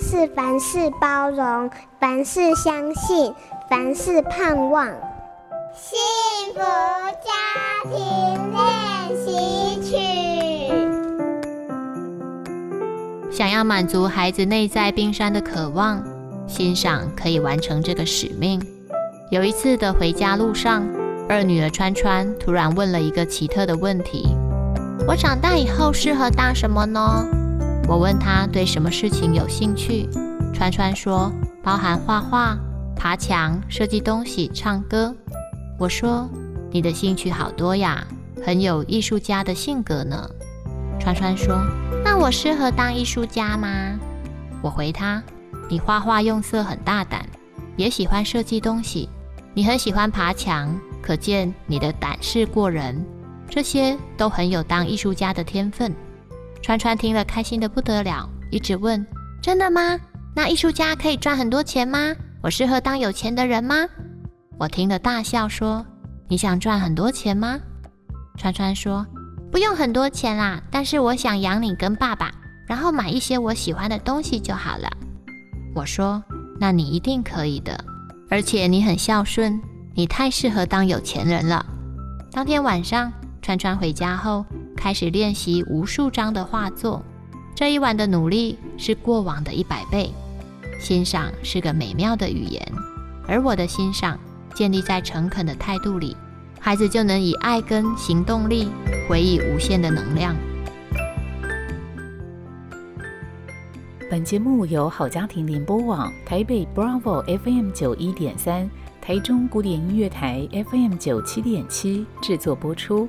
是凡事包容，凡事相信，凡事盼望。幸福家庭練習曲。想要滿足孩子內在冰山的渴望，欣賞可以完成這個使命。有一次的回家路上，二女兒川川突然問了一個奇特的問題：“我長大以後適合當什麼呢？”我問他對什麼事情有興趣，川川說包含畫畫、爬牆、設計東西、唱歌。我說，你的興趣好多呀，很有藝術家的性格呢。川川說，那我適合當藝術家嗎？我回他，你畫畫用色很大膽，也喜歡設計東西，你很喜歡爬牆，可見你的膽識過人，這些都很有當藝術家的天分。川川聽了，開心得不得了，一直問：“真的嗎？那藝術家可以賺很多錢嗎？我適合當有錢的人嗎？”我聽了大笑說：“你想賺很多錢嗎？”川川說：“不用很多錢啦，但是我想養你跟爸爸，然後買一些我喜歡的東西就好了。”我說：“那你一定可以的，而且你很孝順，你太適合當有錢人了。”當天晚上，川川回家後，開始練習無數張的畫作，這一晚的努力是過往的一百倍。欣賞是個美妙的語言，而我的欣賞建立在誠懇的態度裡，孩子就能以愛跟行動力，回以無限的能量。本節目由好家庭聯播網、台北 Bravo FM 九一點三、台中古典音樂台 FM 九七點七製作播出。